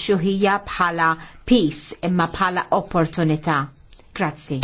xuħija bħala peace imma bħala opportunità. Grazzi.